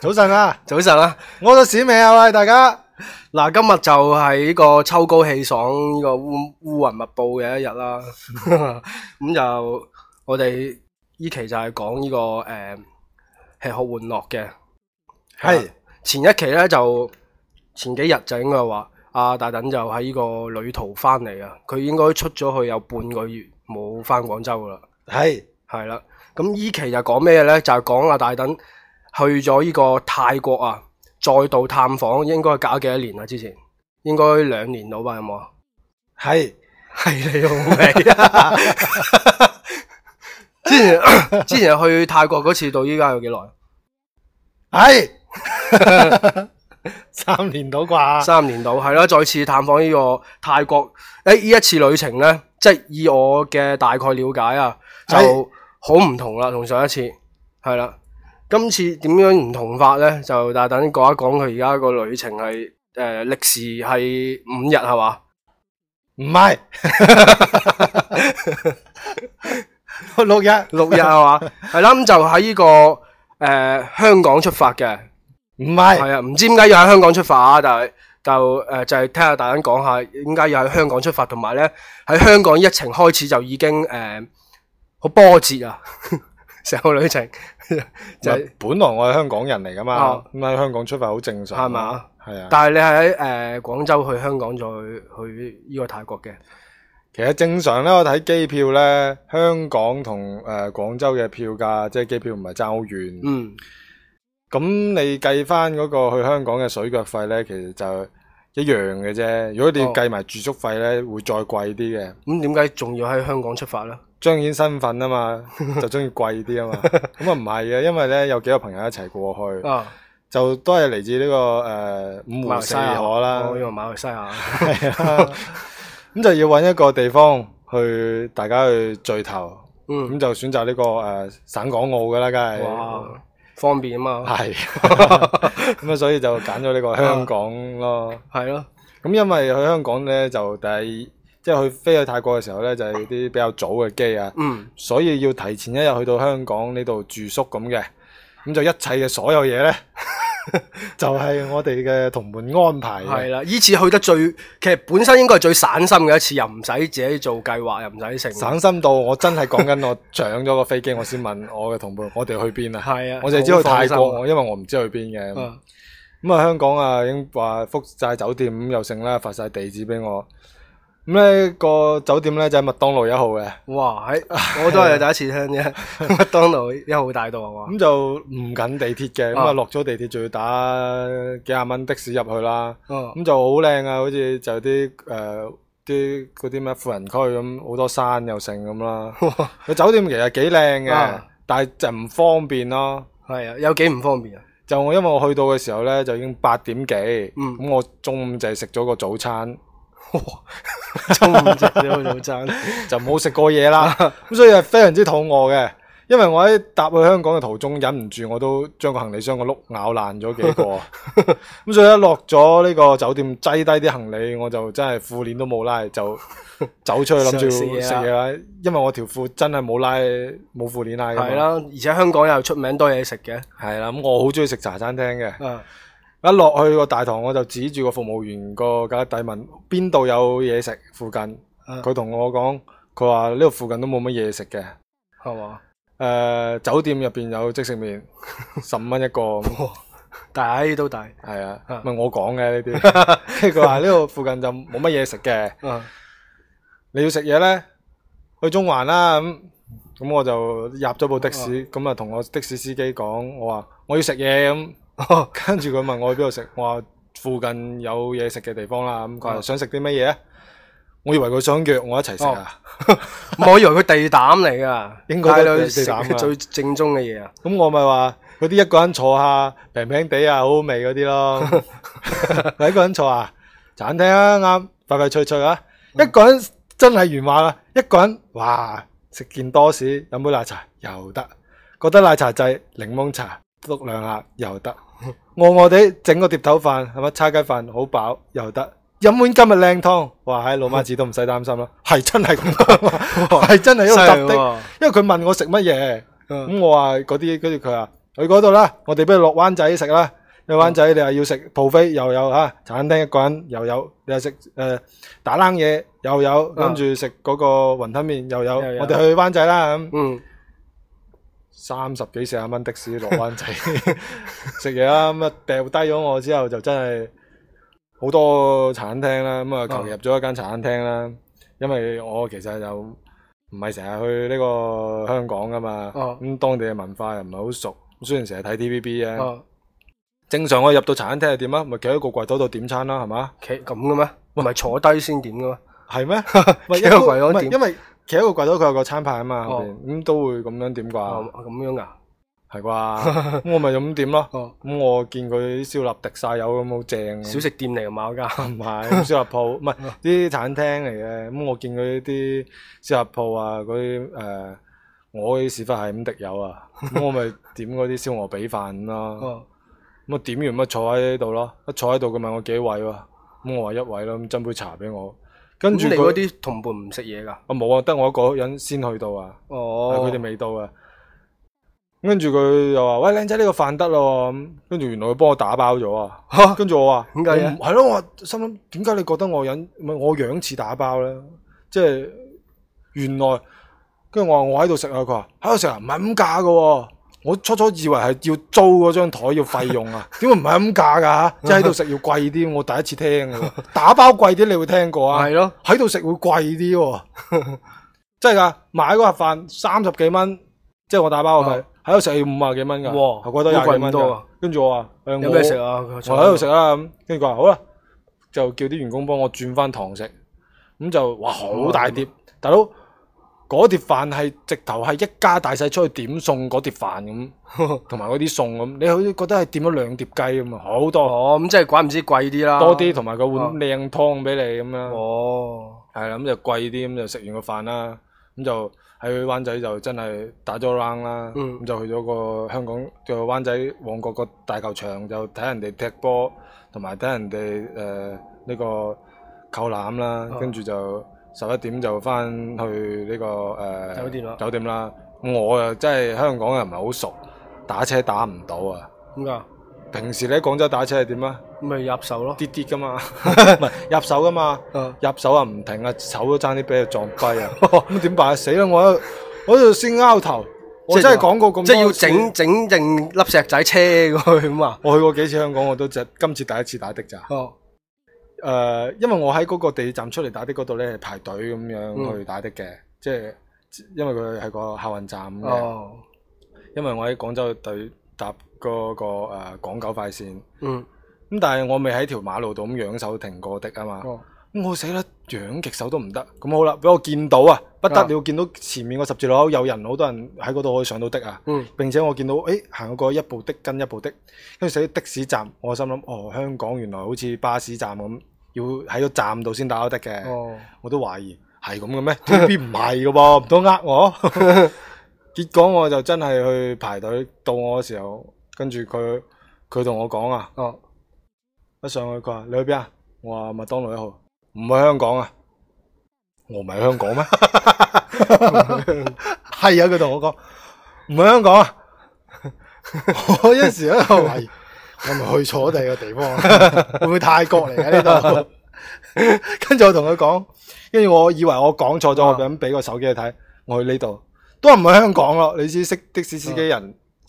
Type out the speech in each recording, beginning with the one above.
早晨啊，早晨啊，我個使命啊，喂大家。嗱、啊，今日就係呢個秋高氣爽、呢、這個烏烏雲密布嘅一日啦。咁 就我哋依期就係講呢個誒吃喝玩樂嘅。係是、啊、前一期咧就前幾日整嘅該話阿大躉就喺呢個旅途翻嚟啊。佢應該出咗去有半個月冇翻廣州噶啦。係係啦。咁依、啊、期就講咩咧？就講、是、阿、啊、大躉。去咗呢個泰國啊，再度探訪，應該隔咗幾多年啦、啊？之前應該兩年到吧？有冇嘿啊？係係你好味啊！之前之前去泰國嗰次到依家有幾耐？係嘿 三年到啩？三年到係啦，再次探訪呢個泰國誒，呢、呃、一次旅程呢，即係以我嘅大概了解啊，就好唔同啦，同嘿上一次係啦。今次點樣唔同法呢？就大躉講一講佢而家個旅程係誒、呃、歷時係五日係嘛？唔係六日，六日係嘛？係啦，咁 就喺呢、這個誒、呃、香港出發嘅，唔係係啊？唔、啊、知點解要喺香港出發啊？但係、呃、就誒就係聽大下大躉講下點解要喺香港出發，同埋呢，喺香港一程開始就已經誒好、呃、波折啊！成個旅程。 就係、本來我係香港人嚟噶嘛，咁喺、哦、香港出發好正常，係嘛？係啊吧。的但係你喺誒廣州去香港再去呢個泰國嘅，其實正常咧。我睇機票咧，香港同誒廣州嘅票價即係機票唔係爭好遠。嗯。咁你計翻嗰個去香港嘅水腳費咧，其實就一樣嘅啫。如果你要計埋住宿費咧，哦、會再貴啲嘅。咁點解仲要喺香港出發咧？彰顯身份啊嘛，就中意貴啲啊嘛，咁啊唔係嘅，因為咧有幾個朋友一齊過去，啊、就都係嚟自呢、這個誒、呃、五湖四海啦，來我用馬來西亞，咁、 啊、就要揾一個地方去大家去聚頭，咁、嗯、就選擇呢、這個誒、呃、省港澳噶啦，梗係，哇嗯、方便啊嘛，係咁啊， 所以就揀咗呢個香港咯，係咯、啊，咁因為去香港咧就第。即係去飛去泰國嘅時候呢，就係、是、啲比較早嘅機啊，嗯、所以要提前一日去到香港呢度住宿咁嘅，咁就一切嘅所有嘢呢， 就係我哋嘅同伴安排。係啦，呢次去得最，其實本身應該係最省心嘅一次，又唔使自己做計劃，又唔使成省心到我真係講緊我搶咗個飛機， 我先問我嘅同伴，我哋去邊啊？係啊的，我淨係知去泰國，因為我唔知去邊嘅。咁啊、嗯，嗯、香港啊，已經話復晒酒店，咁又剩啦，發晒地址俾我。咁咧個酒店咧就喺、是、麥當勞一號嘅。哇！欸、我都係第一次聽啫。麥 當勞一號大道啊，嘛，咁就唔近地鐵嘅，咁啊落咗地鐵就要打幾廿蚊的士入去啦。咁就好靚啊，好似就啲誒啲嗰啲咩富人區咁，好多山又剩咁啦。哇！個酒店其實幾靚嘅，啊、但係就唔方便咯。係啊，有幾唔方便啊？就我因為我去到嘅時候咧，就已經八點幾。咁、嗯、我中午就係食咗個早餐。中午食咗早餐， 就冇食過嘢啦。咁 所以係非常之肚餓嘅，因為我喺搭去香港嘅途中忍唔住，我都將個行李箱個碌咬爛咗幾個。咁 所以一落咗呢個酒店，擠低啲行李，我就真係褲鏈都冇拉，就走出去諗住食嘢啦。因為我條褲真係冇拉，冇褲鏈拉。係啦，而且香港又出名多嘢食嘅。係啦，咁我好中意食茶餐廳嘅。嗯一落去個大堂，我就指住個服務員個架底問邊度有嘢食？附近，佢同我講，佢話呢度附近都冇乜嘢食嘅，係嘛？誒，酒店入邊有即食麵，十五蚊一個， 抵都抵。係啊，唔係、啊、我講嘅呢啲，佢話呢度附近就冇乜嘢食嘅。你要食嘢呢？去中環啦咁。咁我就入咗部的士，咁啊同我的士司機講，我話我要食嘢咁。跟住佢問我去邊度食，我話附近有嘢食嘅地方啦。咁佢話想食啲乜嘢？我以為佢想約我一齊食啊！我以為佢地膽嚟噶，應該都食最正宗嘅嘢啊！咁我咪話嗰啲一個人坐下平平地啊，好好味嗰啲咯。一個人坐啊，餐廳啊啱，快快脆脆啊！一個人真係原話啦，一個人哇，食件多士，飲杯奶茶又得，覺得奶茶就係檸檬茶。碌兩下又得，餓餓地整個碟頭飯係咪叉雞飯好飽又得，飲碗今日靚湯，哇嗨老媽子都唔使擔心啦，係真係，係真係一個的，因為佢問我食乜嘢，咁我話嗰啲，跟住佢話去嗰度啦，我哋不如落灣仔食啦，落灣仔你話要食 buffet 又有吓，餐廳一個人又有，你話食誒打冷嘢又有，諗住食嗰個雲吞麵又有，我哋去灣仔啦咁。三十幾四十蚊的士落灣仔食嘢啦，咁啊掉低咗我之後就真係好多餐廳啦，咁啊求入咗一間茶餐廳啦。因為我其實就唔係成日去呢個香港噶嘛，咁、啊、當地嘅文化又唔係好熟。雖然成日睇 T V B 嘅、啊，正常我入到茶餐廳係點啊？咪企喺個櫃台度點餐啦，係嘛？企咁嘅咩？唔係坐低先點嘅嘛？係咩？咪一個櫃安點？因為因為企喺個櫃枱，佢有個餐牌啊嘛，咁、oh. 嗯、都會咁樣點啩？咁、oh. 樣噶，係啩？咁我咪就咁點咯。咁 我見佢燒臘滴晒油咁，好正。小食店嚟啊嘛，嗰間唔係燒臘鋪，唔係啲餐廳嚟嘅。咁我見佢啲燒臘鋪啊，嗰啲誒，我啲屎忽係咁滴油啊。咁 我咪點嗰啲燒鵝髀飯咯。咁啊、oh. 點完咪坐喺度咯。一坐喺度佢問我幾位喎？咁我話一位咯。咁斟杯茶俾我。跟住佢啲同伴唔食嘢噶，我冇啊，得我一個人先去到啊，哦，佢哋未到啊。跟住佢又話：喂，靚仔，呢個飯得咯。跟住原來佢幫我打包咗啊。哈跟住我話：點解啊？係咯、嗯，我心諗點解你覺得我忍，唔係我樣似打包咧？即係原來跟住我話我喺度食啊。佢話喺度食啊，唔係咁假噶。我初初以為係要租嗰張台要費用啊，點會唔係咁價㗎 即係喺度食要貴啲，我第一次聽啊！打包貴啲你會聽過啊？係咯，喺度食會貴啲喎， 真係㗎！買嗰盒飯三十幾蚊，即係、就是、我打包㗎，喺度食要五啊幾蚊㗎，哇！係覺得有貴咁多啊！跟住我話：有咩食啊？我喺度食啦咁，跟住佢話好啦，就叫啲員工幫我轉翻堂食，咁就哇好大碟，吧大佬。嗰碟飯係直頭係一家大細出去點餸嗰碟飯咁，同埋嗰啲餸咁，你好似覺得係點咗兩碟雞咁啊，好多呵，咁、哦嗯、即係怪唔知貴啲啦，多啲同埋個碗靚湯俾你咁、哦、樣。哦，係啦，咁就貴啲，咁就食完個飯啦，咁就喺灣仔就真係打咗 round 啦，咁、嗯、就去咗個香港嘅灣仔旺角個大球場就睇人哋踢波，同埋睇人哋誒呢個扣籃啦，嗯、跟住就。十一點就翻去呢、這個誒酒店啦，呃、酒店啦，我啊真係香港又唔係好熟，打車打唔到啊，點噶？平時你喺廣州打車係點啊？咪入手咯，跌跌噶嘛，唔係入手噶嘛，入手啊唔停啊，手都爭啲俾佢撞跛啊，咁點 辦啊？ 死啦！我喺我喺度先拗頭，我真係講過咁多，即係要整整整粒石仔車過去咁啊！ 我去過幾次香港，我都就今次第一次打的咋？ 誒，uh, 因為我喺嗰個地鐵站出嚟打的嗰度咧，排隊咁樣去打的嘅，嗯、即係因為佢係個客運站嘅。因為，哦、因為我喺廣州隊搭嗰，嗰個港，嗰個呃、九快線，咁、嗯、但係我未喺條馬路度咁仰手停過的啊嘛。哦。我死啦！揚極手都唔得，咁好啦，俾我見到啊，不得了！見到前面個十字路口有人，好多人喺嗰度可以上到的啊。嗯。並且我見到，誒行過，一步的跟一步的，跟住寫咗的士站，我心諗，哦，香港原來好似巴士站咁，要喺個站度先打得的嘅。哦。我都懷疑係咁嘅咩？T B 唔係嘅噃，唔通呃我？ 結果我就真係去排隊，到我嘅時候，跟住佢佢同我講啊，哦，一上去佢話你去邊啊？我話麥當勞一號。唔係香港啊！我唔係香港咩？係 啊！佢同我講，唔係香港啊！ 我一時喺度懷疑，我咪去錯第二個地方？ 會唔會泰國嚟喺呢度？ 跟住我同佢講，跟住我以為我講錯咗，啊、我咁俾個手機佢睇，我去呢度，都唔係香港咯。你知識的士司機人、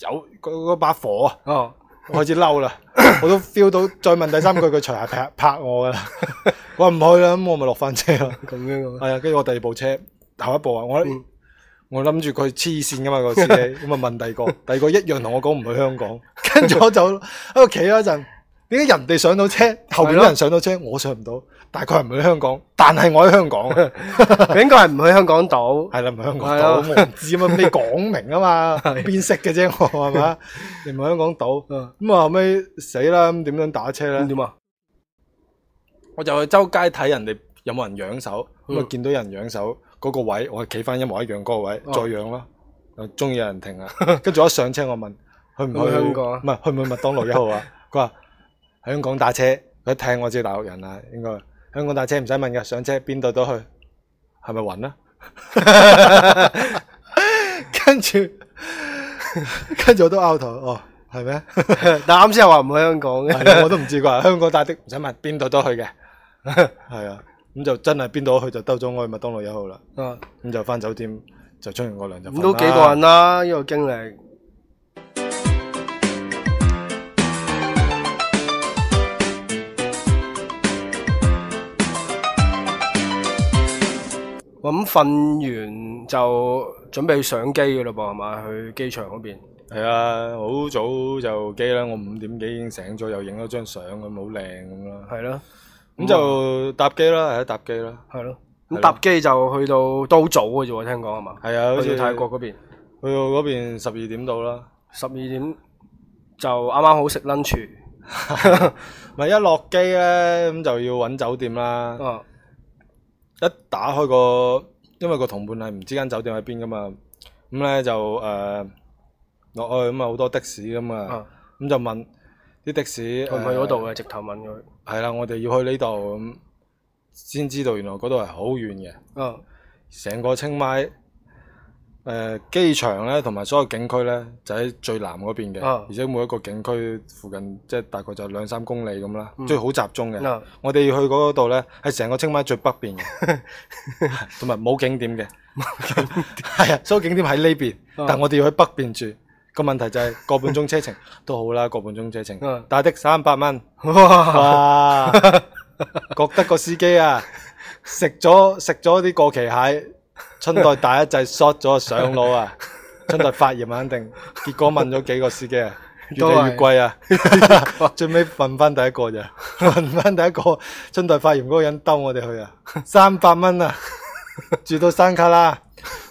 啊、有嗰把火啊！哦，開始嬲啦， 我都 feel 到，再問第三句佢隨時拍我噶啦。 我唔去啦，咁我咪落翻車咯，咁樣。係啊，跟住我第二部車，下一部啊，我、嗯、我諗住佢黐線噶嘛個司機，咁咪 問第二個，第二個一樣同我講唔去香港，跟住 就喺度企咗一陣。點解人哋上到車，後邊啲人上到車，我上唔到？大概係唔去香港，但係我喺香港，佢 應該係唔去香港島。係 啦， 唔去香港島，唔 知啊，未講明啊嘛，邊識嘅啫，我係嘛？你唔去香港島，咁啊後尾死啦！咁點樣打車咧？我就去周街睇人哋有冇人養手，咁啊見到人養手嗰、那個位，我係企翻一模一樣嗰個位再養咯。中意、哦、有人停啊，跟住我上車我問去唔、啊、去唔係去唔去麥當勞一號啊？佢話 香港打車佢聽我，我知大陸人啦，應該香港打車唔使問噶，上車邊度都去係咪云啊？跟住跟住我都拗 u 哦，係咩？ 但啱先又話唔去香港嘅， 我都唔知佢啩。 香港打的唔使問，邊度都去嘅。係啊，咁就真係邊度去就兜咗我去麥當勞一號啦。啊，咁就翻酒店就沖完個涼就咁都幾過癮啦呢個經歷。咁瞓完就準備去上機噶啦噃係嘛？去機場嗰邊。係啊，好早就機啦，我五點幾已經醒咗，又影咗張相咁，好靚咁啦。係啦。咁就搭機啦，係一搭機啦，係咯。咁、嗯、的搭機就去到都好早嘅、啊、啫我聽講係嘛？係啊，好似的泰國嗰邊，去到嗰邊十二點到啦，十二點就啱啱好食 lunch，咪一落機咧，咁就要揾酒店啦。嗯、一打開、個，因為個同伴係唔知間酒店喺邊噶嘛，咁咧就誒落、呃、去啊嘛，好多的士噶嘛。咁、嗯、就問。啲的士去唔去嗰度嘅？直頭問佢。係啦，我哋要去呢度咁，先知道原來嗰度係好遠嘅。嗯。成個清邁，誒機場咧，同埋所有景區咧，就喺最南嗰邊嘅。哦。而且每一個景區附近，即係大概就兩三公里咁啦，即係好集中嘅。我哋要去嗰度咧，係成個清邁最北邊嘅，同埋冇景點嘅。冇景點係啊，所有景點喺呢邊，但係我哋要喺北邊住。個問題就係個半鐘車程 都好啦，個半鐘車程 打的三百蚊，哇！哇 覺得個司機啊，食咗食咗啲過期蟹，春袋大一劑 short 咗上腦啊， 春袋發炎、啊、肯定。結果問咗幾個司機啊，都是越嚟越貴啊， 最尾問翻第一個啫，問翻第一個春袋發炎嗰個人兜我哋去啊，三百蚊啊，住到山卡啦，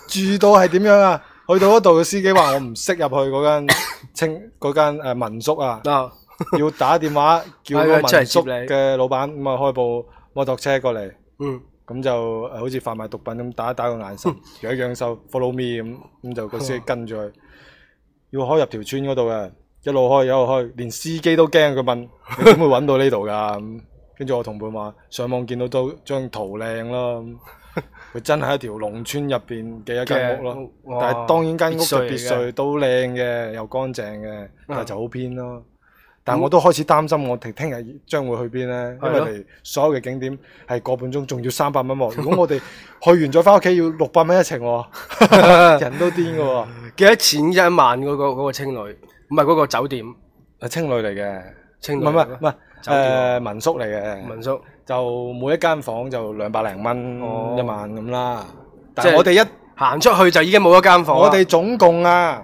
住到係點樣啊？ 去到嗰度個司機話，我唔識入去嗰間清間誒 民宿啊， 要打電話叫個民宿嘅老闆咁啊，開部摩托車過嚟，咁 就誒好似販賣毒品咁打一打個眼神，養 一養手，follow me 咁，咁就個司機跟住佢，要開入條村嗰度嘅，一路開一路開，連司機都驚，佢問，點會搵到呢度噶？跟住 我同伴話上網見到都張圖靚啦。佢真係一條農村入邊嘅一間屋咯，哇但係當然間屋嘅別墅，別墅的都靚嘅，又乾淨嘅，嗯、但係就好偏咯。但係我都開始擔心，我哋聽聽日將會去邊咧？的因為我哋所有嘅景點係個半鐘，仲要三百蚊喎。如果我哋去完再翻屋企，要六百蚊一程喎， 人都癲㗎。幾 多錢一晚、嗰個？嗰、嗰個個青旅唔係嗰個酒店，係青旅嚟嘅。唔係唔係唔係。民宿嚟嘅民宿，就每一間房就兩百零蚊一晚咁啦。但係我哋一行出去就已經冇一間房。我哋總共啊，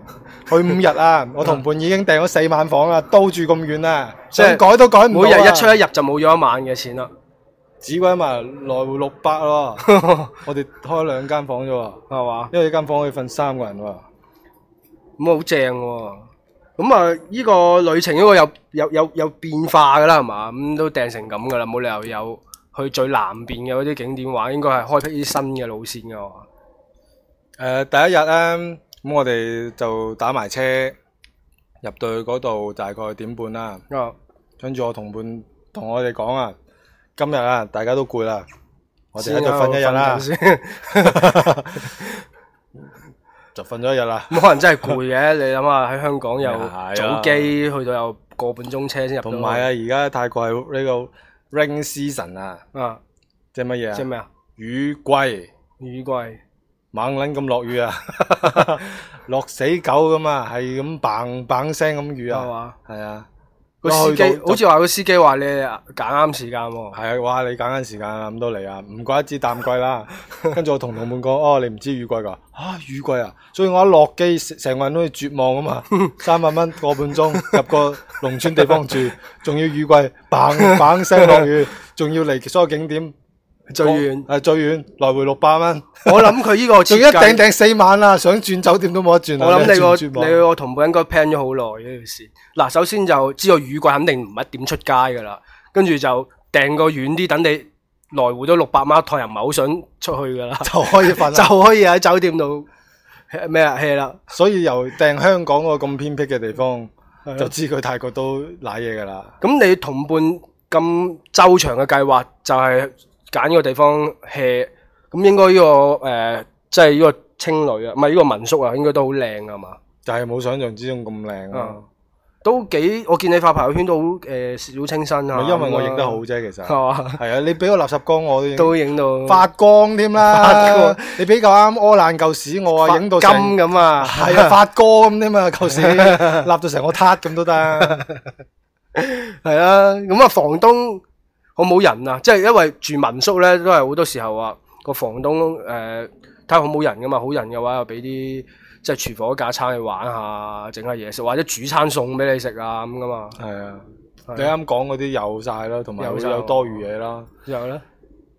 去五日啊，我同伴已經訂咗四晚房啦，都住咁遠啦，即係改都改唔到。每日一出一入就冇咗一晚嘅錢啦，只鬼埋來回六百咯。我哋開兩間房啫喎，係嘛？因為呢間房可以瞓三個人喎，咁好正喎。咁啊，呢個旅程呢個有有有有變化噶啦，係嘛？咁都定成咁噶啦，冇理由有去最南邊嘅嗰啲景點玩，應該係開闢啲新嘅路線噶。誒，第一日咧，咁我哋就打埋車入到去嗰度，大概點半啦。跟住我同伴同我哋講啊，今日啊，大家都攰啦，我哋喺度瞓一日啦。就瞓咗一日啦，咁可能真係攰嘅。你諗下喺香港又早機，啊、去到又個半鐘車先入到。同埋啊，而家泰國呢個 rain season 啊，即係乜嘢？即係咩啊？雨季桂，雨季桂，猛撚咁落雨啊， 落死狗咁 啊，係咁 bang bang 聲咁雨啊，係啊。個司機就好似話個司機話你揀啱時間喎，係啊，話你揀啱時間咁都嚟啊，唔、啊、怪之淡季啦。跟住我同同伴講，哦，你唔知雨季噶，啊雨季啊，所以我一落機成個人都係絕望啊嘛， 三百蚊個半鐘入個農村地方住，仲要雨季，砰砰聲落雨，仲要嚟所有景點。最遠係最遠，來回六百蚊。 我諗佢呢個仲一訂訂四晚啦，想轉酒店都冇得轉。我諗你個你，轉轉你個同伴應該 plan 咗好耐呢件事。嗱，首先就知個雨季肯定唔係點出街噶啦，跟住就訂個遠啲，等你來回都六百蚊，台又唔係好想出去噶啦，就可以瞓， 就可以喺酒店度咩啦 hea 啦。所以由訂香港個咁偏僻嘅地方， 就知佢泰國都瀨嘢噶啦。咁 你同伴咁周長嘅計劃就係、是。揀呢個地方吃，咁應該呢、這個誒，即係呢個青旅啊，唔係呢個民宿啊，應該都好靚啊嘛。就係冇想象之中咁靚咯，都幾。我見你發朋友圈都好誒，好、呃、小清新啊。不嗯、因為我影得好啫，其實係嘛。嗯、啊，啊你俾個垃圾缸我都影到發光添啦。光你俾嚿啱屙爛嚿屎我啊，影到金咁啊。係啊，發光咁添啊，嚿屎立到成個塔咁都得。係 啊，咁啊，房東。好冇人啊！即係因為住民宿咧，都係好多時候啊。個房東誒睇下、呃、好冇人噶嘛，好人嘅話又俾啲即係廚房架餐去玩下，整下嘢食，或者煮餐餸俾你食啊咁噶嘛。係啊，啊你啱講嗰啲有晒啦，同埋有有多餘嘢啦。有咧了，呢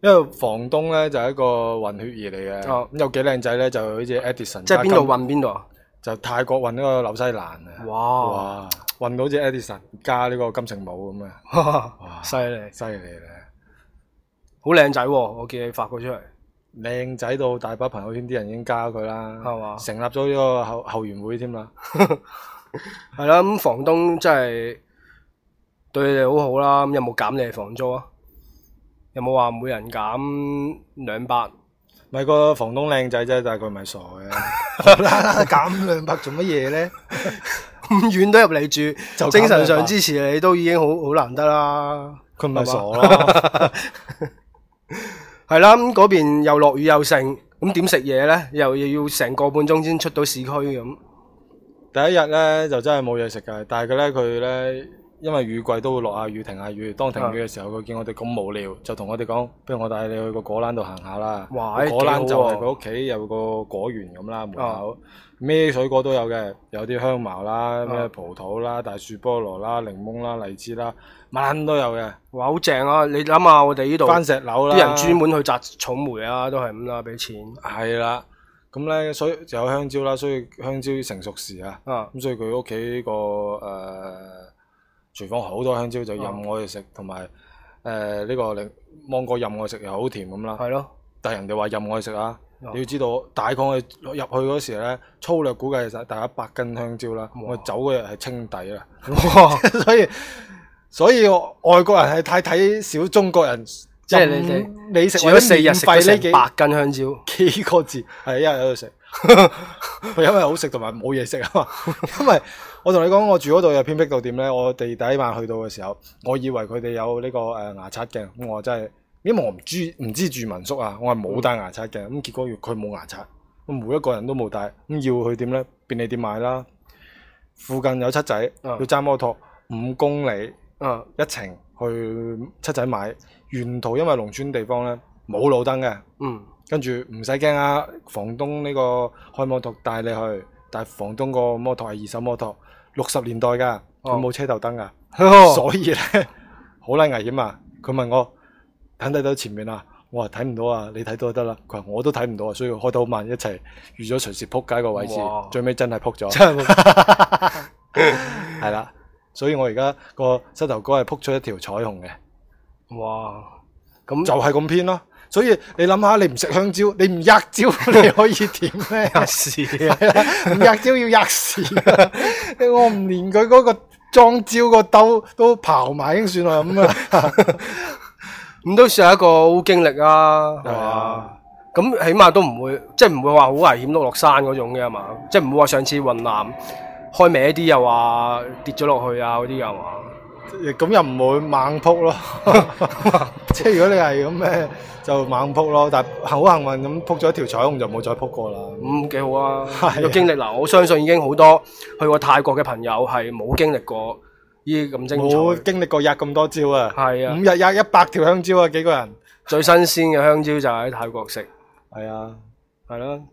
因為房東咧就係、一個混血兒嚟嘅。哦、有幾靚仔咧，就好似 Edison。即係邊度混邊度啊？就泰國混嗰個紐西蘭啊！哇！哇混到隻 Edison 加呢個金城武咁樣，犀利犀利咧，好靚仔喎！我見你發過出嚟，靚仔到大把朋友圈啲人已經加佢啦，係嘛？成立咗呢個後後援會添啦，係啦。咁房東真係對你哋好好啦，咁有冇減你哋房租啊？有冇話每人減兩百？咪個房東靚仔啫，但係佢咪傻嘅，減兩百做乜嘢咧？咁遠都入嚟住，精神上支持你都已經好好難得啦。佢唔係傻啦，係啦。咁嗰邊又落雨又剩，咁點食嘢呢？又又要成個半鐘先出到市區咁。第一日呢就真係冇嘢食噶，但係佢呢佢呢。因為雨季都會落下雨，停下雨。當停雨嘅時候，佢是的 見我哋咁無聊，就同我哋講：不如我帶你去個果欄度行下啦。哇！果欄挺好 就係佢屋企有個果園咁啦，門口咩、啊、水果都有嘅，有啲香茅啦，咩葡萄啦、大樹菠蘿啦、檸檬啦、荔枝啦，乜都有嘅。哇！好正啊！你諗下我哋呢度，番石榴啦，啲人專門去摘草莓啊，都係咁啦，俾錢。係啦，咁、嗯、咧、嗯，所以就有香蕉啦，所以香蕉成熟時啊，咁所以佢屋企個誒。呃廚房好多香蕉就任我哋食，同埋誒呢個檸芒果任我食又好甜咁啦。係咯，但係人哋話任我食啊！你要知道大概我哋入去嗰時咧，粗略估計其實大家百斤香蕉啦。我走嗰日係清底啊，所以所以外國人係太睇小中國人。即係你哋，你食咗四日食咗成百斤香蕉，幾個字係一日喺度食。 因為好食同埋冇嘢食啊嘛，有有 因為我同你講，我住嗰度又偏僻到點呢？我哋第一晚去到嘅時候，我以為佢哋有呢、這個誒、呃、牙刷鏡，咁我真係，因為我唔知唔知住民宿啊，我係冇帶牙刷鏡，咁結果佢冇牙刷，每一個人都冇帶，咁要去點呢？便利店買啦，附近有七仔，要揸摩托五公里，一程去七仔買，沿途因為農村地方呢，冇路燈嘅，嗯。跟住唔使驚啊！房東呢個開摩托帶你去，但係房東個摩托係二手摩托，六十年代噶，佢冇車頭燈噶，哦、所以咧好撚危險啊！佢問我睇睇到前面啊，我話睇唔到啊，你睇到就得啦。佢話我都睇唔到啊，所以開到好慢，一齊預咗隨時扑街個位置，哇最尾真係扑咗，係啦。 所以我而家個膝頭哥係扑出一條彩虹嘅。哇！咁就係咁偏咯。所以你諗下，你唔食香蕉，你唔吔蕉，你可以點咧？吔 事啊，唔吔蕉要吔屎啊！ 我唔連佢嗰、嗰個裝蕉個兜都刨埋已經算啦咁啊，咁、 嗯、都算係一個好經歷啊！哇吧！咁吧起碼都唔會，即係唔會話好危險碌落山嗰種嘅係嘛？即係唔會話上次雲南開歪啲又話跌咗落去啊嗰啲又話？咁又唔會猛撲咯， 即係如果你係咁咩，就猛撲咯。但係好幸運咁撲咗一條彩虹就冇再撲過啦，咁幾、嗯、好啊！個、啊、經歷嗱，我相信已經好多去過泰國嘅朋友係冇經歷過呢啲咁精彩。冇經歷過壓咁多招啊，係啊，五日壓一百條香蕉啊，幾個人？最新鮮嘅香蕉就喺泰國食，係啊，係咯、啊。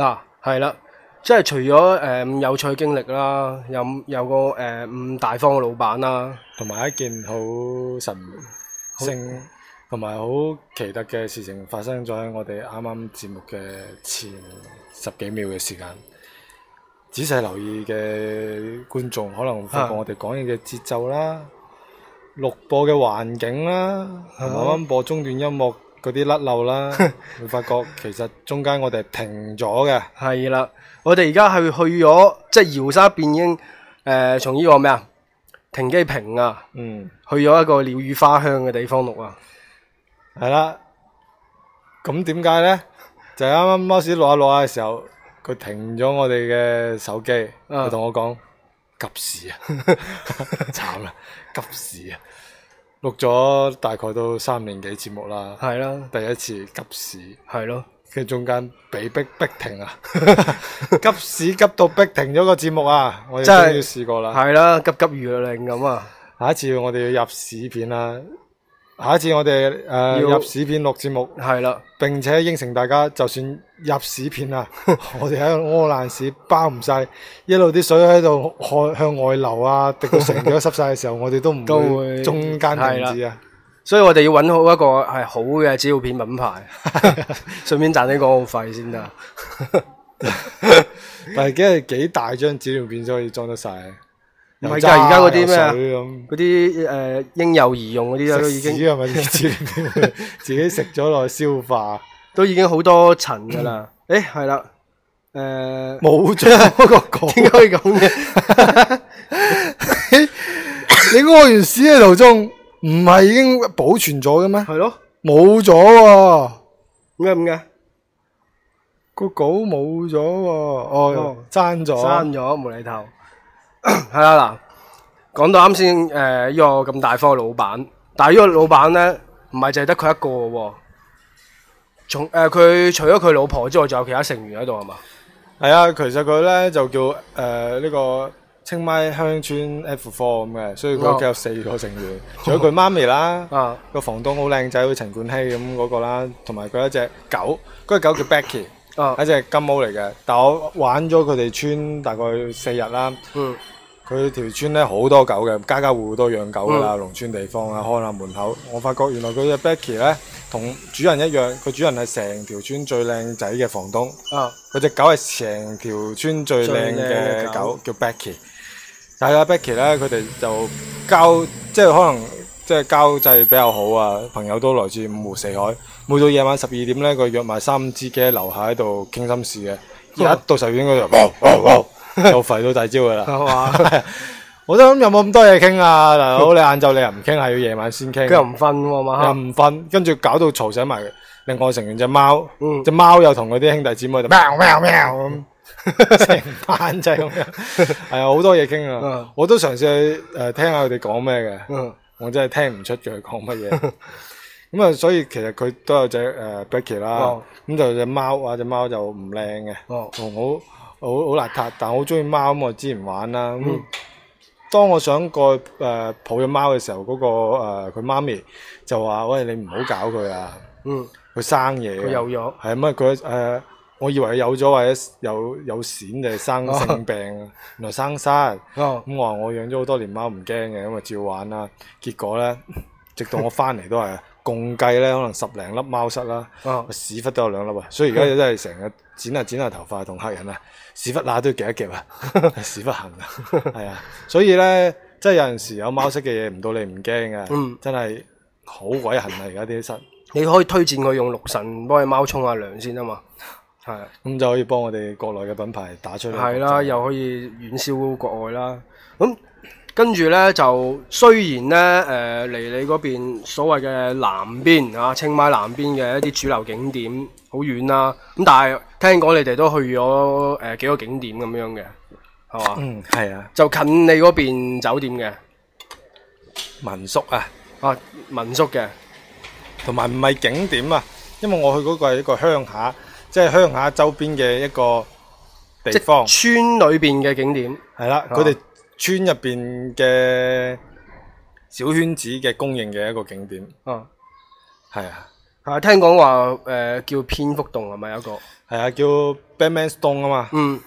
嗱，係啦、啊，即係除咗誒咁有趣經歷啦，有有個誒咁、呃、大方嘅老闆啦，同埋一件好神聖同埋好奇特嘅事情發生咗喺我哋啱啱節目嘅前十幾秒嘅時間，仔細留意嘅觀眾可能發覺我哋講嘢嘅節奏啦，錄、啊、播嘅環境啦，啱啱、啊、播中段音樂。嗰啲甩漏啦，會發覺其實中間我哋停咗嘅。係啦， 我哋而家係去咗，即係搖沙變鷹，誒、呃，從呢個咩啊，停機坪啊，嗯，去咗一個鳥語花香嘅地方錄啊，係啦。 咁點解呢？就啱啱摩始錄下錄下嘅時候，佢停咗我哋嘅手機，佢同、 嗯、我講，急事啊，慘 啊，急事啊。錄咗大概都三年幾節目啦，係啦的，第一次急屎，係咯的，跟住中間被逼逼停啊， 急屎急到逼停咗個節目啊，真是我真係試過啦，係啦，急急如律令咁啊，下一次我哋要入屎片啦。下一次我哋誒、呃、要入屎片錄節目，係啦的，並且應承大家，就算入屎片啊， 我哋喺度屙爛屎包唔晒，一路啲水喺度向外流啊，滴到成件都濕晒嘅時候， 我哋都唔會中間停止的啊。所以我哋要揾好一個係好嘅紙尿片品牌，順 便賺呢個廣告費先得。 但係幾係幾大張紙尿片先可以裝得晒？唔係，就係而家嗰啲咩啊？嗰啲誒，嬰幼兒用嗰啲啊，都已經自己食咗落去消化，都已經好多塵噶啦。誒，係啦，誒，冇咗個稿，點解會咁嘅？你屙完屎嘅途中，唔係已經保存咗嘅咩？係咯，冇咗喎。點解咁嘅？個稿冇咗喎，哦，刪咗，刪咗，無厘頭。係啦，嗱，講、 啊、到啱先，誒、呃，呢、這個咁大方嘅老闆，但係呢個老闆呢，唔係淨係得佢一個喎。從誒，佢、呃、除咗佢老婆之外，仲有其他成員喺度係嘛？係啊，其實佢呢，就叫誒呢、呃這個清邁鄉村 F four 咁嘅，所以佢有四個成員，仲有佢媽咪啦，個 房東好靚仔，好似陳冠希咁嗰個啦，同埋佢一隻狗，嗰隻 狗叫 Becky。啊！一隻金毛嚟嘅，但我玩咗佢哋村大概四日啦。嗯，佢條村咧好多狗嘅，家家戶戶都養狗噶啦，嗯、農村地方啊，看下、嗯、門口。我發覺原來佢隻 Becky 咧同主人一樣，佢主人係成條村最靚仔嘅房東。啊、嗯，佢隻狗係成條村最靚嘅狗，狗嗯、叫 Becky。但係啊，Becky 咧，佢哋就交，即、就、係、是、可能。即係交際比較好啊！朋友都來自五湖四海。每到夜晚十二點咧，佢約埋三五知己留喺度傾心事嘅。一到時候應該就喵吠到大招噶啦。我都諗有冇咁多嘢傾啊？大佬，你晏晝你又唔傾，係要夜晚先傾。又唔瞓喎，又唔瞓，跟住搞到嘈醒埋另外成員隻貓，隻貓又同佢啲兄弟姊妹就喵喵喵咁成班仔咁樣。係啊，好多嘢傾啊！我都嘗試去誒聽下佢哋講咩嘅。我真係聽唔出佢講乜嘢，咁啊，所以其實佢都有隻誒、呃、Becky 啦，咁、oh. 就隻貓啊，隻貓就唔靚嘅，好好好邋遢，但好中意貓咁啊，我之前玩啦，mm. 當我想過去誒、呃、抱隻貓嘅時候，嗰、那個佢、呃、媽咪就話：喂，你唔好搞佢啊！嗯、mm.，佢生嘢，佢有養，係咪？咁啊佢誒。我以為有咗或者有有癬定係生性病啊，oh. 原來生虱。咁我話，我養咗好多年貓唔驚嘅，咁咪照玩啦。結果咧，直到我翻嚟都係共計咧，可能十零粒貓虱啦，oh. 屎忽都有兩粒 啊。所以而家真係成日剪下剪下頭髮同客人啊，屎忽乸都夾一夾啊，屎忽痕啊，係啊。所以咧，即係有陣時有貓蝨嘅嘢唔到你唔驚噶，mm. 真係好鬼痕啊。而家啲蝨。你可以推薦佢用六神幫佢貓沖下涼先啊嘛。咁、嗯、就可以幫我哋國內嘅品牌打出嚟。係啦的，就是，又可以遠銷國外啦。咁跟住呢，就雖然呢，誒、呃、離你嗰邊所謂嘅南邊啊，清邁南邊嘅一啲主流景點好遠啦。咁、啊嗯、但係聽講你哋都去咗誒、呃、幾個景點咁樣嘅，係嘛？嗯，係啊，就近你嗰邊酒店嘅民宿啊，啊民宿嘅，同埋唔係景點啊，因為我去嗰個係一個鄉下。即係鄉下周邊嘅一個地方，村裏邊嘅景點係啦，佢哋村入邊嘅小圈子嘅公認嘅一個景點。嗯，係啊，啊聽講話誒叫蝙蝠洞係咪有一個？係啊，叫 Batman's 洞啊嘛。嗯，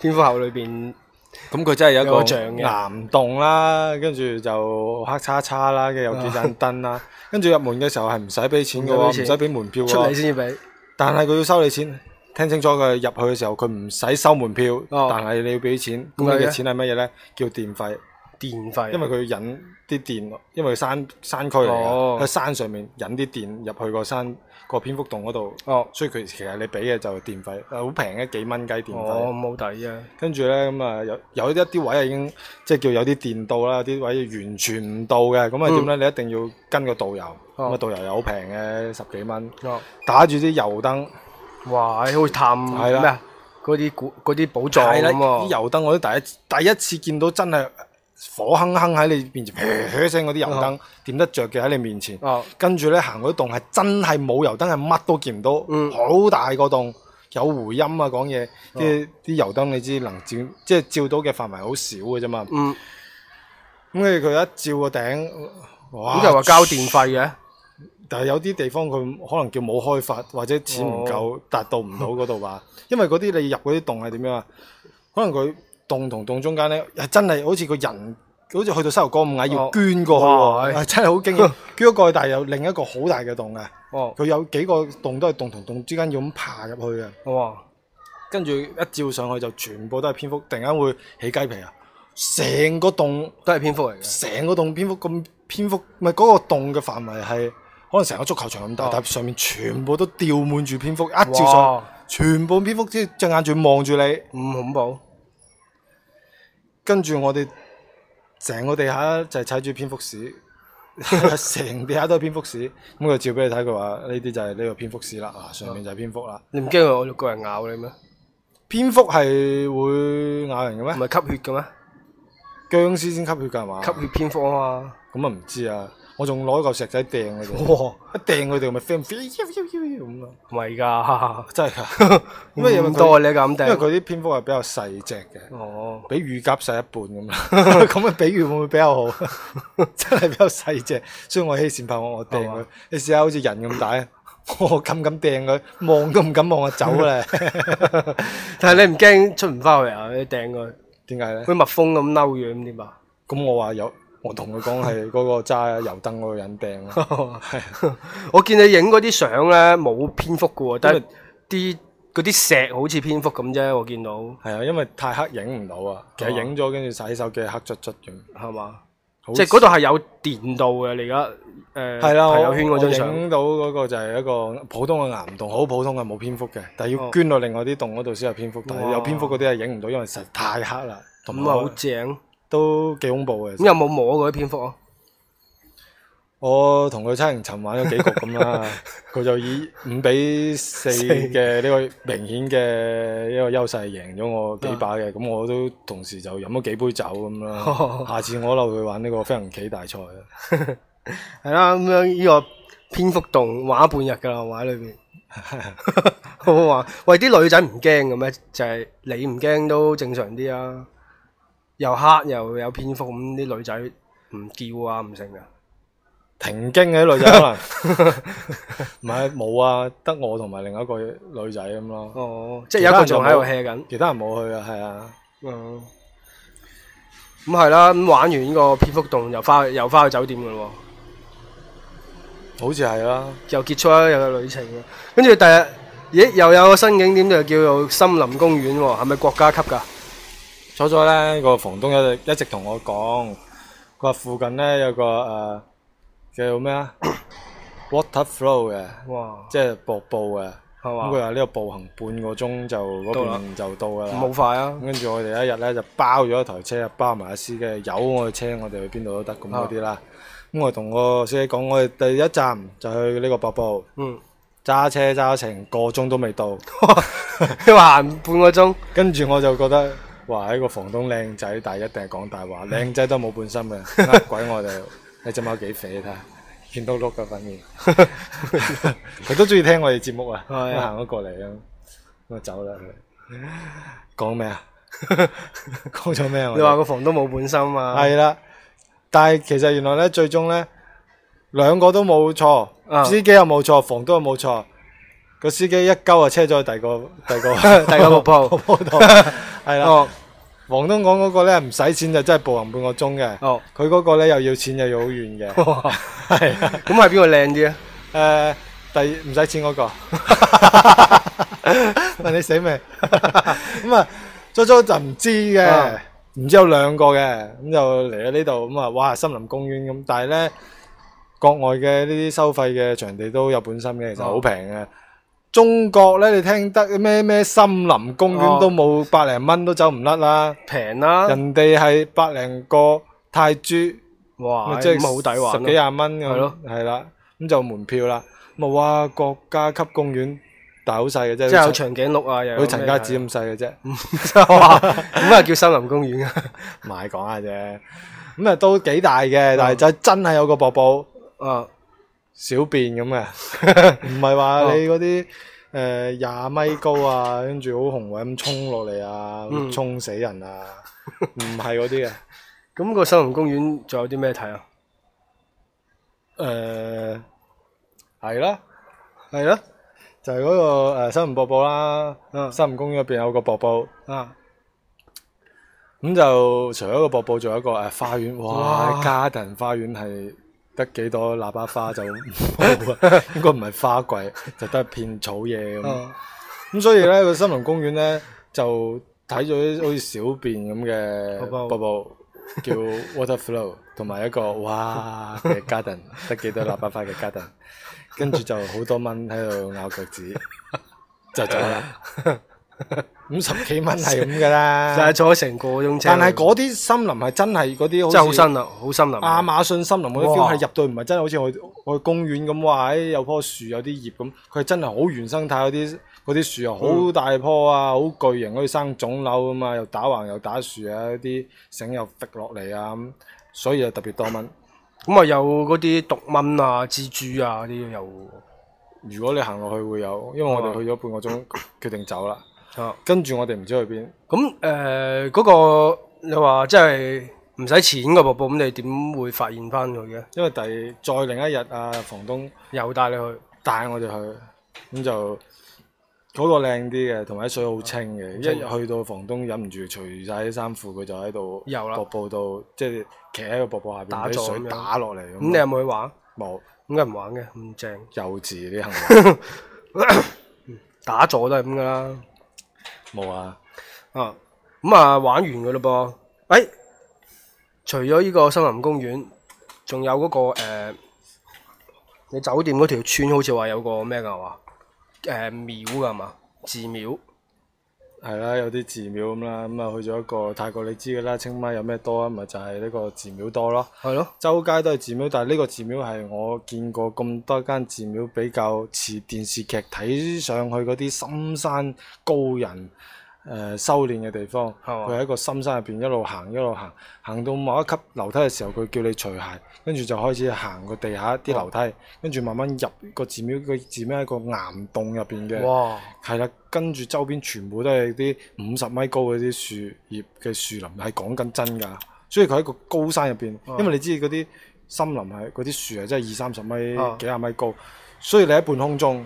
蝙蝠口裏邊咁佢真係有一個像嘅岩洞啦，跟住就黑叉叉啦，跟住有幾盞燈啦，跟住入門嘅時候係唔使俾錢噶喎，唔使俾門票喎，出嚟先至俾。但係佢要收你錢，聽清楚，佢入去嘅時候佢唔使收門票，哦、但係你要俾錢，咁你嘅的錢係乜嘢呢？叫電費。電費、啊，因為佢引啲電，因為山山區嚟嘅，喺、哦、山上面引啲電入去個山個蝙蝠洞嗰度。哦，所以佢其實你俾嘅就係電費，好平嘅幾蚊雞電費。哦，咁抵啊！跟住咧咁啊，有有一啲位已經即係叫有啲電到啦，有啲位完全唔到嘅。咁啊點咧？嗯、你一定要跟個導遊，個、哦、導遊又好平嘅十幾蚊，哦、打住啲油燈。哇！你去探咩啊？嗰啲古嗰啲寶藏啲油燈我都第一第一次見到真係。火哼哼喺你面前，噓聲嗰啲油燈點、嗯、得着嘅喺你面前，嗯、跟住呢，行嗰洞係真係冇油燈，係乜都見唔到，好、嗯、大個洞，有回音啊，講嘢，啲啲、嗯、油燈你知能照，即係照到嘅範圍好少嘅啫嘛。咁佢佢一照個頂，咁就話交電費嘅。但係有啲地方佢可能叫冇開發，或者錢唔夠，嗯、達到唔到嗰度吧。嗯、 因為嗰啲你入嗰啲洞係點樣啊？可能佢。洞同洞,洞中間咧，係真係好似個人，好似去到細路哥咁矮，要捐過去，係、哦、真係好驚，捐 過去，但係有另一個好大嘅洞嘅。哦，佢有幾個洞都係洞同洞,洞之間要咁爬入去嘅，哇、哦！跟住一照上去就全部都係蝙蝠，突然間會起雞皮啊！成個洞都係蝙蝠嚟嘅，成個洞蝙蝠咁蝙蝠，唔係嗰個洞嘅範圍係可能成個足球場咁大，哦、但上面全部都吊滿住蝙蝠，一照上哇全部蝙蝠隻隻眼住望住你，唔恐怖。跟住我哋成個地下就係踩住蝙蝠屎，成 地下都係蝙蝠屎。咁佢照畀你睇，佢話呢啲就係呢個蝙蝠屎啦。啊，上面就係蝙蝠啦。你唔驚我個人咬你咩？蝙蝠係會咬人嘅咩？唔係吸血嘅咩？僵屍先吸血噶係嘛？吸血蝙蝠啊嘛。咁啊唔知啊。我仲攞嚿石仔掟佢！哇，一掟佢哋咪飛飛咁咯，唔係噶，真係噶，咩嘢咁多你咁掟？因為佢啲蝙蝠係比較細隻嘅，哦，比乳鴿細一半咁咯，咁 嘅比喻會唔會比較好？ 真係比較細隻，所以我欺善怕惡，我掟佢，吧你試下好似人咁大、 哦，我敢唔敢掟佢？望都唔敢望，我走啦。但係你唔驚出唔翻去啊？你掟佢，點解咧？好似蜜蜂咁嬲樣點啊？咁我話有。我同佢講係嗰個揸油燈嗰個人訂咯，係。我見你影嗰啲相咧，冇蝙蝠嘅喎，但係啲啲石好似蝙蝠咁啫，我見到。係啊， 因為太黑影唔到啊，其實影咗跟住洗手機黑卒卒咁。係嘛嗎，像即係嗰度係有電度嘅你而家。係、呃、啦，朋友圈嗰張相。到嗰個就係一個普通嘅岩洞，好普通嘅冇蝙蝠嘅，但係要捐到另外啲洞嗰度先有蝙蝠。但係有蝙蝠嗰啲係影唔到，因為實在太黑啦。咁啊，哇好正！都幾恐怖嘅。咁有冇摸過啲蝙蝠啊？我同佢《七人尋》玩咗幾局咁啦，佢 就以五比四嘅呢個明顯嘅一個優勢贏咗我幾把嘅。咁 Yeah. 我都同時就飲咗幾杯酒咁啦。 下次我落去玩呢個飛行棋大賽啦。係啦， 咁樣呢個蝙蝠洞玩半日噶啦，玩喺裏邊。我 話喂，啲女仔唔驚咁咩？就係、是、你唔驚都正常啲啊。又黑又有蝙蝠咁，啲女仔唔叫啊，唔成嘅停經嘅啲女仔可能，唔係冇啊，得我同埋另一個女仔咁咯。哦，即係有一個仲喺度 hea 緊，其他人冇去啊，係啊。嗯，咁係啦，咁、啊、玩完呢個蝙蝠洞，又翻又翻去酒店噶咯。好似係啦，又結束啦，又有旅程。跟住第日，咦，又有個新景點就叫做森林公園，係咪國家級噶？初初咧，個房東一一直同我講，佢話附近咧，有個誒叫做咩啊？Waterfall 嘅，即係瀑布嘅。咁佢話呢個步行半個鐘就嗰邊就到噶啦。咁好快啊！跟住我哋一日咧就包咗一台車，包埋阿司機，有我哋車，我哋去邊度都得咁嗰啲啦。咁我同個司機講，我哋第一站就去呢個瀑布。嗯。揸車揸成個鐘都未到，要行半個鐘。跟住我就覺得。話一個房東靚仔，但一定係講大話，靚仔都冇本心嘅，呃鬼我哋呢隻貓幾肥，睇下圓碌碌嘅反應，佢都中意聽我哋節目啊，行咗過嚟咁，咁啊走啦，講咩啊？講咗咩啊？你話個房東冇本心啊？係啦，但係其實原來咧，最終咧，兩個都冇錯，司機又冇錯，房東又冇錯。個司機一溝啊，車咗去第二個、第二個、第二個瀑布，係啦。黃東講嗰個咧唔使錢就真係步行半、oh. 個鐘嘅。哦，佢嗰個咧又要錢又要好遠嘅。係咁係邊個靚啲啊？誒，第唔使錢嗰、嗰個。問 你死未？咁 啊、嗯，初初就唔知嘅，唔知有兩個嘅，咁就嚟咗呢度，咁啊，哇，森林，林公園咁，但係咧，國外嘅呢啲收費嘅場地都有本身嘅，其實好平嘅。Oh. 中國咧，你聽得咩咩森林公園都冇百零蚊都走唔甩啦，平啦，人哋係百零個泰銖，哇，咁咪好抵玩，十幾廿蚊咁咯，係啦，咁就門票啦，冇啊，國家級公園大好細嘅啫，即係有長頸鹿啊，又有陳家祠咁細嘅啫，唔啊，咁又叫森林公園啊，唔係講下啫，咁啊都幾大嘅，但係就真係有個瀑布啊。小便咁嘅，唔係話你嗰啲誒廿米高啊，跟住好雄偉咁沖落嚟啊，沖死人啊，唔係嗰啲嘅。咁 個森林公園仲有啲咩睇啊？誒、呃，係啦，係啦，就係嗰個誒，森林瀑布啦，森林公園入邊有個瀑布啊。咁就除咗個瀑布，仲有一個誒、啊啊、花園，哇，哇啊、家庭花園花園係。得幾朵喇叭花就唔好啊， 應該唔係花季， 就得片草嘢咁。咁 所以呢，個森林公園呢，就睇咗好似小便咁嘅瀑布，叫 water flow，同埋一個哇嘅 garden， 得幾多喇叭花嘅 garden，跟住就好多蚊喺度咬腳趾，就走啦。 五十幾蚊係咁噶啦。 就係坐成個鐘車。但係嗰啲森林係真係嗰啲，真係好森林，好森林。亞馬遜森林嗰啲 feel 係入到唔係真係好似我去公園咁，哇！欸、有棵樹有啲葉咁，佢係真係好原生態嗰啲嗰啲樹啊，好大棵啊，好巨型可以生腫瘤啊嘛，又打橫又打樹啊，啲繩又滴落嚟啊咁，所以就特別多蚊。咁啊有嗰啲毒蚊啊、蜘蛛啊嗰啲又。如果你行落去會有，因為我哋去咗半個鐘，嗯、決定走啦。跟住我哋唔知去邊，咁誒嗰個你話即係唔使錢個瀑布，咁你點會發現翻佢嘅？因為第再另一日啊，房東又帶你去，帶我哋去，咁就嗰個靚啲嘅，同埋水好清嘅。一去到，房東忍唔住除晒啲衫褲，佢就喺度瀑布度，即係企喺個瀑布下邊，打水打落嚟。咁你有冇去玩？冇，咁點解唔玩嘅？唔正幼稚啲行為，打咗都係咁噶啦。冇啊，啊，咁啊玩完噶咯噃，誒、哎，除咗呢個森林公園，仲有嗰、嗰個誒、呃，你酒店嗰條村好似話有個咩㗎係嘛？誒廟㗎係嘛？寺廟。係啦，有啲寺廟咁啦，咁、嗯、啊去咗一個泰國，你知嘅啦，清邁有咩多啊？咪就係、是、呢個寺廟多咯。係咯的，周街都係寺廟，但係呢個寺廟係我見過咁多間寺廟比較似電視劇睇上去嗰啲深山高人。誒、呃、修煉嘅地方，佢喺吧一個深山入邊一路行一路行，行到某一級樓梯嘅時候，佢叫你除鞋，跟住就開始行個地下啲樓梯，跟住、嗯、慢慢入個寺廟，個寺廟喺個岩洞入邊嘅，係啦哇，跟住周邊全部都係啲五十米高嗰啲樹葉嘅樹林，係講緊真㗎，所以佢喺個高山入邊，嗯、因為你知嗰啲森林係嗰啲樹係真係二三十米幾廿米高，所以你喺半空中。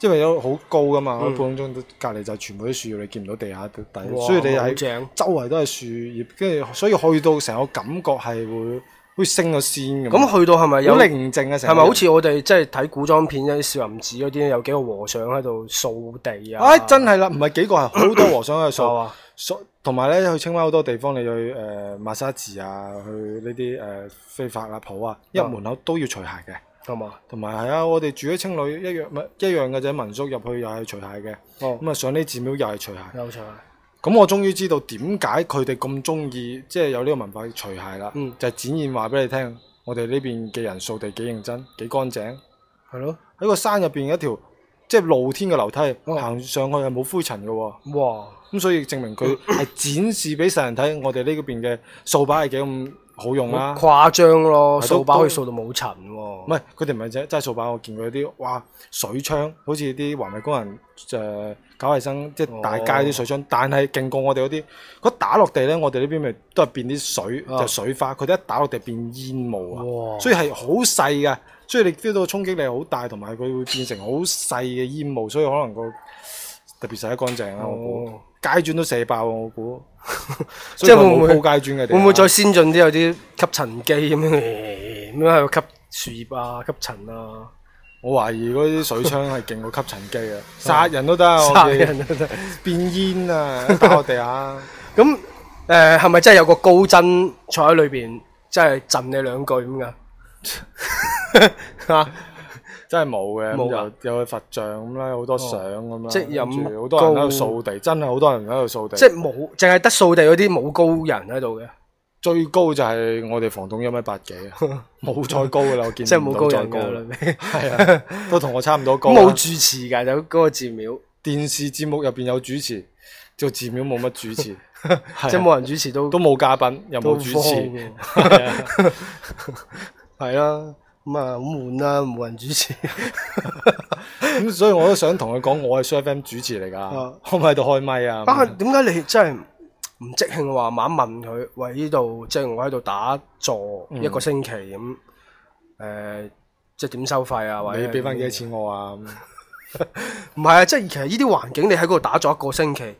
因為有好高噶嘛，嗯、半空中隔籬就全部啲樹葉，你見唔到地下底，哇所以你正，周圍都係樹葉，跟住所以去到成個感覺係會好似升咗仙咁。咁、嗯、去到係咪好寧靜啊？係咪好似我哋即係睇古裝片有啲少林寺嗰啲，有幾個和尚喺度掃地啊？哎、啊，真係啦，唔係幾個啊，好多和尚喺度掃啊掃。同埋咧，去清灣好多地方，你去誒瑪莎寺啊，去呢啲誒非法喇普啊，一門、嗯、門口都要除鞋嘅。係嘛，同埋係啊！我哋住咗青旅，一樣咪一樣嘅啫。民宿入去又係除鞋嘅，咁啊、oh. 上呢寺廟又係除鞋，有除鞋。咁我終於知道點解佢哋咁中意，即、就、係、是、有呢個文化除鞋啦。嗯、就展現話俾你聽，我哋呢邊嘅人掃地幾認真，幾乾淨。係咯的，喺個山入邊一條即係、就是、露天嘅樓梯，行上去又冇灰塵嘅喎。哇！咁哇所以證明佢係 展示俾世人睇，我哋呢邊嘅掃把係幾咁好用啦，啊！誇張咯，掃把可以掃到冇塵喎，啊。唔係，佢哋唔係真係掃把，我見過啲哇水槍，好似啲環衛工人誒、呃、搞衞生，即係大街啲水槍。哦，但係勁過我哋嗰啲，佢打落地呢，我哋呢邊咪都係變啲水，哦，就水花。佢哋一打落地變煙霧啊，哦，所以係好細嘅，所以你 feel 到個衝擊力好大，同埋佢會變成好細嘅煙霧，所以可能，嗰個。特別洗得乾淨啊！哦、街磚都射爆我估，即係 會唔會好街磚嘅？會唔會再先進啲有啲吸塵機咁樣咁樣去吸樹葉啊、吸塵啊？我懷疑嗰啲水槍係勁過吸塵機啊！殺人都得，殺人都得，變煙啊！我哋啊，咁誒係咪真係有個高僧坐喺裏邊，真係震你兩句咁噶？啊！ 真係冇嘅，咁就又佛像咁啦，好多相咁樣，即係有咁，好多人喺度掃地，真係好多人喺度掃地。即係冇，淨係得掃地嗰啲冇高人喺度嘅。最高就係我哋房東一米八幾啊，冇再高噶啦，我見。即係冇高人噶啦，係啊，都同我差唔多高。冇主持噶，就嗰個寺廟。電視節目入邊有主持，做寺廟冇乜主持，即係冇人主持都都冇嘉賓，又冇主持，係啊。咁啊，好悶啦，冇人主持。咁 所以我都想同佢講，我係 SooFM 主持嚟噶，啊、可唔可以喺度開咪啊？不過點解你真係唔即興話？猛問佢，喂，呢度即係我喺度打坐一個星期咁。誒，即係點收費啊？或者俾翻幾多錢我啊？唔係啊，即係其實呢啲環境你喺嗰度打坐一個星期，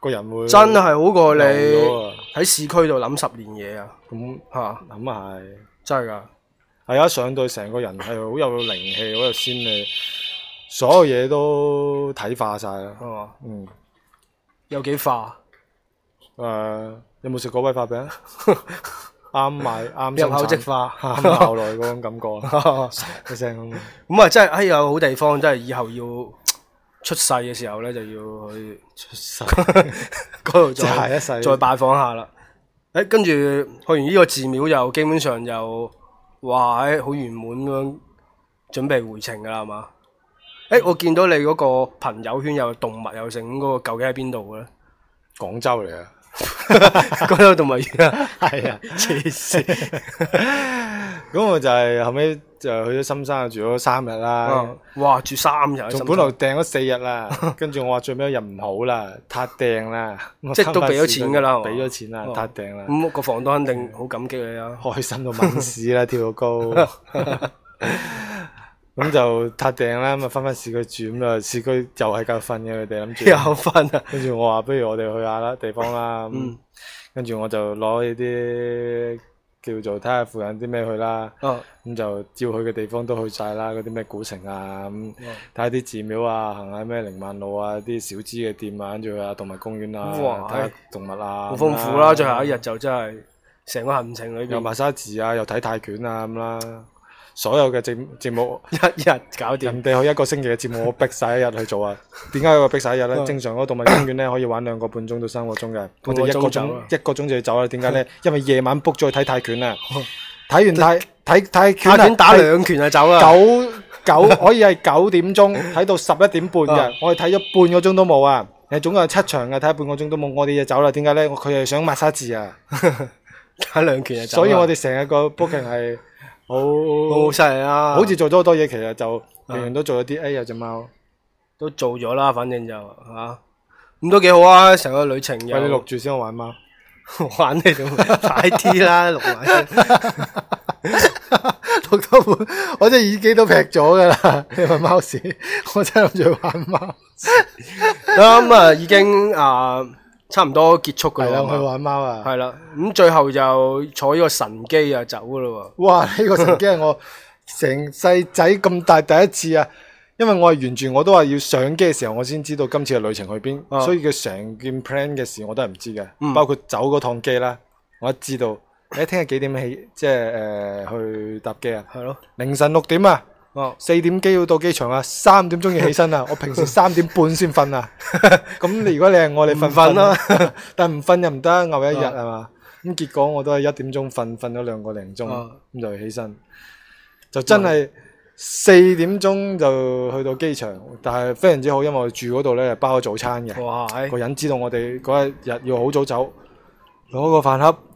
個人會真係好過你喺市區度諗十年嘢啊！咁嚇、嗯，咁啊真係㗎。係家上到成個人係好有靈氣，好有仙氣，所有嘢都睇化晒啦，係嘛，嗯，有幾化？誒、呃，有冇食過威化餅？啱埋， 啱入口即化，含、啊、口來嗰種感覺啊！咁啊，真係哎個好地方，真係以後要出世嘅時候咧，就要去出 再就一世嗰度再再拜訪下啦。誒、哎，跟住去完呢個寺廟又基本上又。哇！好、欸、圓滿咁樣準備回程㗎喇，係嘛？誒、欸，我見到你嗰個朋友圈有動物又，有成咁嗰個，究竟喺邊度嘅咧？廣州嚟啊！廣州動物園 啊，係啊，黐線！咁我就係後尾就去咗深山住咗三日啦。哇，住三日。仲本來訂咗四日啦，跟住我話最尾一日唔好啦，塌訂啦，即係都俾咗錢噶啦，俾咗錢啦，塌訂啦。咁個房東肯定好感激你咯，開心到猛屎啦，跳到高。咁就塌訂啦，咁啊翻翻市區住咁啊，市區又係夠瞓嘅，佢哋諗住。瞓啊！跟住我話不如我哋去下啦地方啦，跟住我就攞呢啲。叫做睇下附近啲咩去啦，咁、啊嗯、就照去嘅地方都去晒啦。嗰啲咩古城啊，咁睇下啲寺廟啊，行下咩寧曼路啊，啲小資嘅店啊，跟住去下動物公園啊，睇下動物啊，好豐富啦。最後一日就真係成、嗯、個行程裏邊，又埋沙子啊，又睇泰拳啊咁啦。所有嘅節節目一日搞掂，人哋去一個星期嘅節目，我逼晒一日去做啊！點解我逼晒一日咧？正常嗰個動物公園咧可以玩兩個半鐘到三個鐘嘅，我哋一個鐘一個鐘就要走啦。點解咧？因為夜晚 book 咗去睇泰拳啊，睇完泰睇泰拳打兩拳就走啦。九九可以係九點鐘睇到十一點半嘅，我哋睇咗半個鐘都冇啊！你總共有七場嘅，睇半個鐘都冇，我哋就走啦。點解咧？佢係想抹沙字啊，睇兩拳就走。所以我哋成日個 booking 係。好好犀利啊！好似做咗好多嘢，其實就人人都做咗啲。哎有隻貓都做咗啦，反正就吓咁都幾好啊！成個旅程。有你錄住先，我玩貓。玩你做快啲啦，錄埋。先！根本我隻耳機都劈咗噶啦。你話貓屎，我真係諗住玩貓。咁啊，已經啊。差唔多結束噶啦嘛，去玩貓啊，係啦，咁、啊、最後就坐呢個神機啊，走噶咯喎！哇，呢、這個神機係我 成世仔咁大第一次啊！因為我係完全我都話要上機嘅時候，我先知道今次嘅旅程去邊，啊、所以佢成件 plan 嘅事我都係唔知嘅，包括走嗰趟機啦，嗯、我都知道。你聽日幾點起？即係誒去搭機啊？係咯的，凌晨六點啊！四、oh, 點幾要到機場啊，三點鐘要起身啊， 我平時三點半先瞓啊，咁 你如果你係我，你瞓瞓啦，但係唔瞓又唔得，熬一日係嘛？咁 Yeah. 結果我都係一點鐘瞓，瞓咗兩個零鐘，咁 Yeah. 就起身，就真係四點鐘就去到機場，Yeah. 但係非常之好，因為我住嗰度咧包咗早餐嘅，個 Wow. 人知道我哋嗰一日要好早走，攞個飯盒。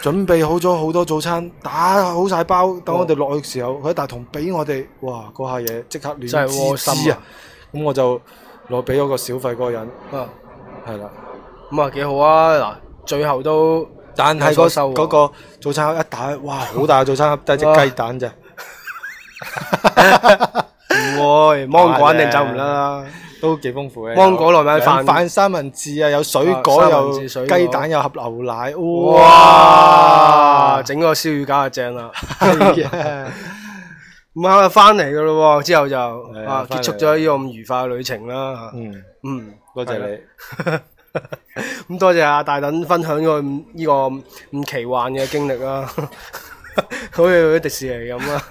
準備好咗好多早餐，打好晒包，等我哋落去嘅時候，佢喺哇大堂俾我哋，哇，嗰下嘢即刻亂，真係窩心啊！咁、啊、我就攞俾咗個小費嗰個人，係啦、啊，咁啊幾好啊！嗱，最後都但係嗰嗰個早餐盒一打，哇，好大嘅早餐盒，都係隻雞蛋咋？唔會，芒果肯定走唔甩啦。啊都幾豐富嘅，芒果糯米飯、三文治啊，有水果又雞蛋又盒牛奶，哇！整個燒魚餃就正啦。咁啊，翻嚟噶咯，之後就啊結束咗呢個咁愉快嘅旅程啦。嗯，嗯，多謝你。咁多謝阿大躉分享咗呢個咁奇幻嘅經歷啦，好似去迪士尼咁啊，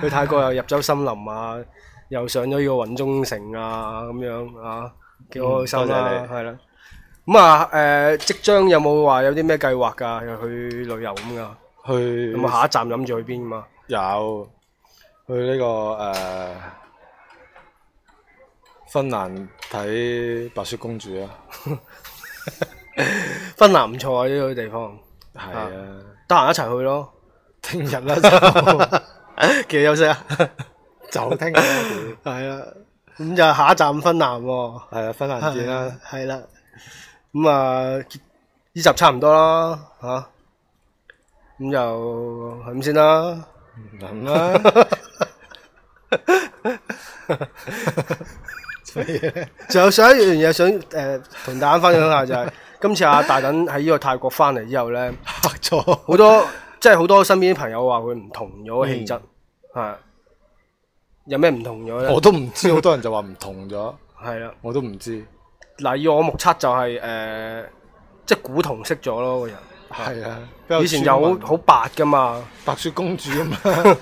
去泰國又入咗森林啊。又上咗呢個雲中城啊，咁樣啊，幾開心啦，係啦。咁啊，誒、嗯啊呃，即將有冇話有啲咩計劃噶？又去旅遊咁噶？去。咁下一站諗住去邊啊？有。去呢、這個誒、呃，芬蘭睇白雪公主啊！ 芬蘭唔錯啊，呢個地方。係啊，得閒、啊啊、一齊去咯。聽日啦，繼續 休息啊！就聽係啦，咁就、 嗯、下一站芬蘭係、哦 嗯、啊，芬蘭節啦，係啦，咁啊呢集差唔多啦吓，咁就係咁先啦，咁啦。所仲有上一樣嘢想誒同、呃、大家分享下，就係、是、 今次阿大躉喺呢個泰國翻嚟之後咧，咗到 好多，即係好多身邊啲朋友話佢唔同咗氣質係。嗯有咩唔同咗咧？我都唔知，好多人就話唔同咗。係 啊，我都唔知。嗱，以我目測就係、是、誒，即、呃、係、就是、古銅色咗咯，個人係、呃、啊。以前就好白噶嘛，白雪公主嘛。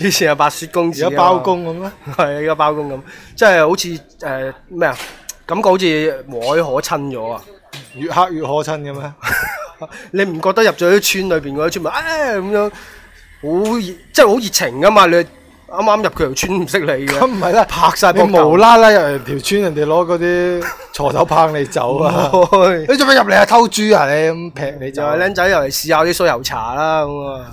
以前係白雪公主，而家包公咁啦。係而家包公咁，即係好似誒咩啊？感覺好似無愛可親咗啊！越黑越可親嘅咩？ 你唔覺得入咗啲村裏邊嗰啲村民啊咁、哎、樣好熱，即係好熱情噶嘛？你？啱啱入佢條村唔識你嘅，咁唔係啦，拍晒，你無啦啦又嚟條村，人哋攞嗰啲鋤頭棒你走啊！你做咩入嚟啊？偷豬啊你咁劈你？就係僆仔又嚟試下啲酥油茶啦咁啊！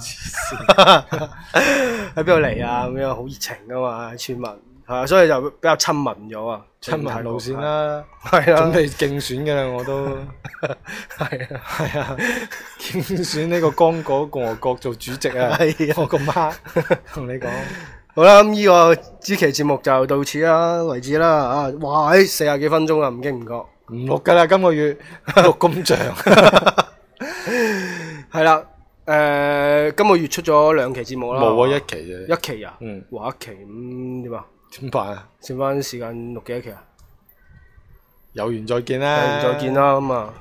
喺邊度嚟啊？咁樣好熱情噶嘛，村民係啊，所以就比較親民咗啊，親民路線啦，係啊，咁你競選㗎啦，我都係啊，係啊，競選呢個剛果共和國做主席啊！我個媽，同你講。好啦，咁呢個之期節目就到此啦為止啦啊！哇，喺四十幾分鐘啊，唔經唔覺，唔錄噶啦，今個月錄金像係啦。誒，今個月出咗兩期節目啦，冇啊，一期啫，一期啊，嗯，話，一期咁點啊？點辦啊？剩翻時間錄幾多期啊？有緣再見啦，再見啦，咁啊，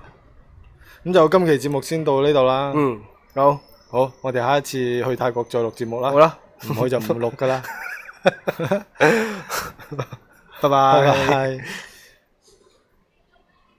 咁就今期節目先到呢度啦。嗯，好，好，我哋下一次去泰國再錄節目啦。好啦。唔好 就唔錄㗎啦，拜拜。